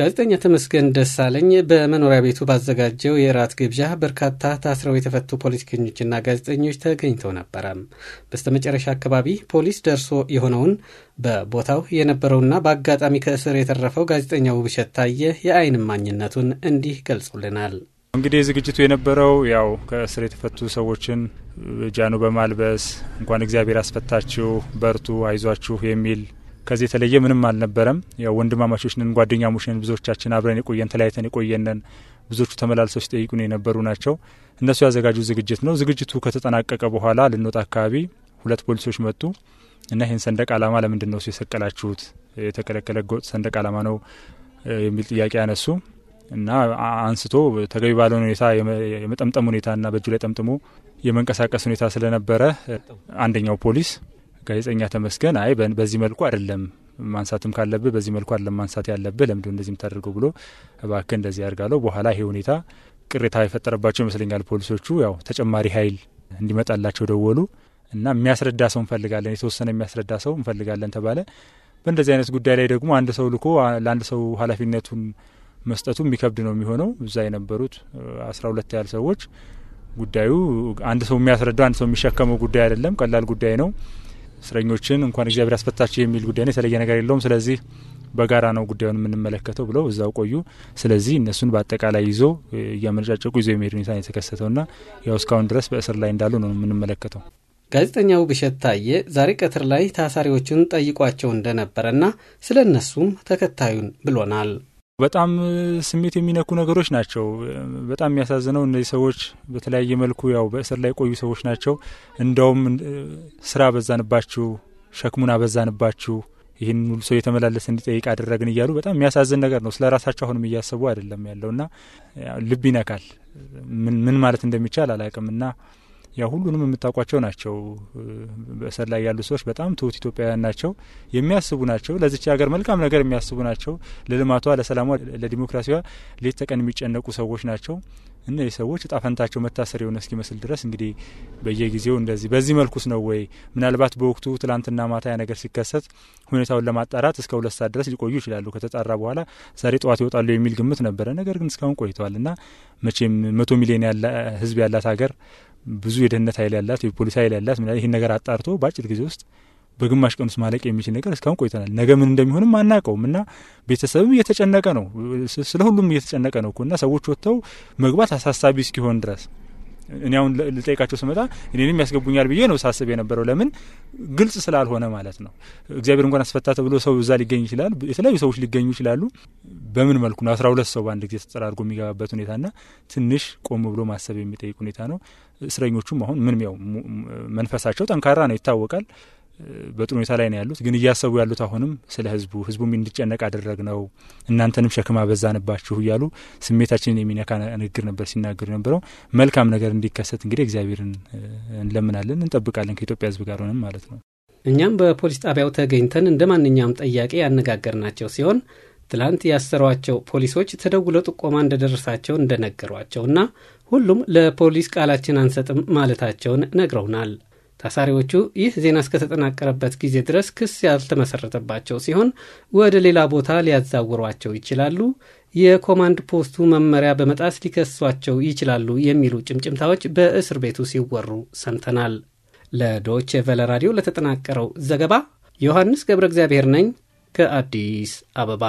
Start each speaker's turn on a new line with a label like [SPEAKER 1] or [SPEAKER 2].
[SPEAKER 1] ጋዜጠኛ ተመስገን ደሳለኝ በመኖሪያ ቤቱ ባዘጋጀው የእራት ግብዣ በርካታ ታስረው የተፈቱ ፖለቲከኞችና ጋዜጠኞች ተገኝተው ነበረ። በስተመጨረሻ አካባቢ ፖሊስ ደርሶ የሆነውን በቦታው የነበረውና በአጋጣሚ ከእስር የተረፈው ጋዜጠኛ ውብሸት ታየ የዓይን ማኝነቱን እንዲህ ገልጾልናል።
[SPEAKER 2] እንግዲህ ዝግጅቱ የነበረው ያው ከእስር የተፈቱ ሰዎችን ጃኑ በማልበስ እንኳን እግዚአብሔር አስፈታችሁ፣ በርቱ፣ አይዟችሁ የሚል ከዚህ የተለየ ምንም አልነበረም። ያው ወንድማማቾች ነን፣ ጓደኛሞች ነን። ብዙዎቻችን አብረን የቆየን ተለያይተን የቆየነን ብዙዎቹ ተመላልሰው ሲጠይቁን የነበሩ ናቸው። እነሱ ያዘጋጁ ዝግጅት ነው። ዝግጅቱ ከተጠናቀቀ በኋላ ልንወጣ አካባቢ ሁለት ፖሊሶች መጡ እና ይህን ሰንደቅ ዓላማ ለምንድን ነው የሰቀላችሁት? የተከለከለ ሰንደቅ ዓላማ ነው የሚል ጥያቄ አነሱ እና አንስቶ ተገቢ ባለሆነ ሁኔታ የመጠምጠም ሁኔታና በእጁ ላይ ጠምጥሞ የመንቀሳቀስ ሁኔታ ስለነበረ አንደኛው ፖሊስ ጋዜጠኛ ተመስገን አይ በዚህ መልኩ አይደለም ማንሳትም ካለብህ በዚህ መልኩ አይደለም ማንሳት ያለብህ ለምድ እንደዚህ የምታደርገው ብሎ እባክህ እንደዚህ ያርጋለው። በኋላ ይሄ ሁኔታ ቅሬታ የፈጠረባቸው ይመስለኛል ፖሊሶቹ። ያው ተጨማሪ ኃይል እንዲመጣላቸው ደወሉ እና የሚያስረዳ ሰው እንፈልጋለን፣ የተወሰነ የሚያስረዳ ሰው እንፈልጋለን ተባለ። በእንደዚህ አይነት ጉዳይ ላይ ደግሞ አንድ ሰው ልኮ ለአንድ ሰው ሀላፊነቱን መስጠቱ የሚከብድ ነው የሚሆነው። እዛ የነበሩት አስራ ሁለት ያህል ሰዎች ጉዳዩ አንድ ሰው የሚያስረዳው አንድ ሰው የሚሸከመው ጉዳይ አይደለም፣ ቀላል ጉዳይ ነው። እስረኞችን እንኳን እግዚአብሔር ያስፈታቸው የሚል ጉዳይ የተለየ ነገር የለውም። ስለዚህ በጋራ ነው ጉዳዩን የምንመለከተው ብለው እዛው ቆዩ። ስለዚህ እነሱን በአጠቃላይ ይዞ እያመነጫጨቁ ይዞ የሚሄድ ሁኔታ ነው ና ያው እስካሁን ድረስ በእስር ላይ እንዳሉ ነው የምንመለከተው።
[SPEAKER 1] ጋዜጠኛው ብሸት ታየ ዛሬ ቀትር
[SPEAKER 2] ላይ ታሳሪዎችን ጠይቋቸው እንደነበረና ስለ እነሱም ተከታዩን ብሎናል። በጣም ስሜት የሚነኩ ነገሮች ናቸው። በጣም የሚያሳዝነው እነዚህ ሰዎች በተለያየ መልኩ ያው በእስር ላይ የቆዩ ሰዎች ናቸው። እንደውም ስራ በዛንባችሁ፣ ሸክሙን አበዛንባችሁ፣ ይህን ሁሉ ሰው የተመላለሰ እንዲጠይቅ አደረግን እያሉ በጣም የሚያሳዝን ነገር ነው። ስለ ራሳቸው አሁንም እያሰቡ አይደለም ያለውና ልብ ይነካል። ምን ማለት እንደሚቻል አላቅምና ያው ሁሉንም የምታውቋቸው ናቸው። በእስር ላይ ያሉ ሰዎች በጣም ትሁት ኢትዮጵያውያን ናቸው፣ የሚያስቡ ናቸው፣ ለዚች ሀገር መልካም ነገር የሚያስቡ ናቸው፣ ለልማቷ፣ ለሰላሟ፣ ለዲሞክራሲዋ ሌት ተቀን የሚጨነቁ ሰዎች ናቸው። እነዚህ ሰዎች ጣፈንታቸው መታሰር የሆነ እስኪመስል ድረስ እንግዲህ በየጊዜው እንደዚህ በዚህ መልኩስ ነው ወይ? ምናልባት በወቅቱ ትላንትና ማታ ያ ነገር ሲከሰት ሁኔታውን ለማጣራት እስከ ሁለት ሰዓት ድረስ ሊቆዩ ይችላሉ። ከተጣራ በኋላ ዛሬ ጠዋት ይወጣሉ የሚል ግምት ነበረ። ነገር ግን እስካሁን ቆይተዋል እና መቼም መቶ ሚሊዮን ህዝብ ያላት ሀገር ብዙ የደህንነት ኃይል ያላት የፖሊስ ኃይል ያላት ምና ይህን ነገር አጣርቶ በአጭር ጊዜ ውስጥ በግማሽ ቀን ውስጥ ማለቅ የሚችል ነገር እስካሁን ቆይተናል። ነገ ምን እንደሚሆንም አናውቀውም እና ቤተሰብም እየተጨነቀ ነው፣ ስለ ሁሉም እየተጨነቀ ነው እና ሰዎች ወጥተው መግባት አሳሳቢ እስኪሆን ድረስ እኔ አሁን ልጠይቃቸው ስመጣ እኔንም ያስገቡኛል ብዬ ነው ሳስብ የነበረው። ለምን ግልጽ ስላልሆነ ማለት ነው። እግዚአብሔር እንኳን አስፈታ ተብሎ ሰው እዛ ሊገኝ ይችላል፣ የተለያዩ ሰዎች ሊገኙ ይችላሉ። በምን መልኩ ነው አስራ ሁለት ሰው በአንድ ጊዜ ተጠራርጎ የሚገባበት ሁኔታና ትንሽ ቆም ብሎ ማሰብ የሚጠይቅ ሁኔታ ነው። እስረኞቹም አሁን ምን ያው መንፈሳቸው ጠንካራ ነው ይታወቃል። በጥሩ ሁኔታ ላይ ነው ያሉት። ግን እያሰቡ ያሉት አሁንም ስለ ህዝቡ ህዝቡም እንዲጨነቅ አደረግ ነው እናንተንም ሸክማ በዛንባችሁ እያሉ ስሜታችንን የሚነካ ንግግር ነበር ሲናገሩ የነበረው። መልካም ነገር እንዲከሰት እንግዲህ እግዚአብሔርን እንለምናለን፣ እንጠብቃለን ከኢትዮጵያ ህዝብ ጋር ሆነም ማለት ነው። እኛም በፖሊስ
[SPEAKER 1] ጣቢያው ተገኝተን እንደ ማንኛውም ያነጋገር ያነጋገርናቸው ሲሆን ትላንት ያሰሯቸው ፖሊሶች ተደውለው ጥቆማ እንደደረሳቸው እና ሁሉም ለፖሊስ ቃላችን አንሰጥም ማለታቸውን ነግረውናል። ታሳሪዎቹ ይህ ዜና እስከተጠናቀረበት ጊዜ ድረስ ክስ ያልተመሰረተባቸው ሲሆን ወደ ሌላ ቦታ ሊያዛውሯቸው ይችላሉ፣ የኮማንድ ፖስቱ መመሪያ በመጣስ ሊከሷቸው ይችላሉ የሚሉ ጭምጭምታዎች በእስር ቤቱ ሲወሩ ሰምተናል። ለዶቼ ቨለ ራዲዮ ለተጠናቀረው ዘገባ ዮሐንስ ገብረ እግዚአብሔር ነኝ። ከአዲስ አበባ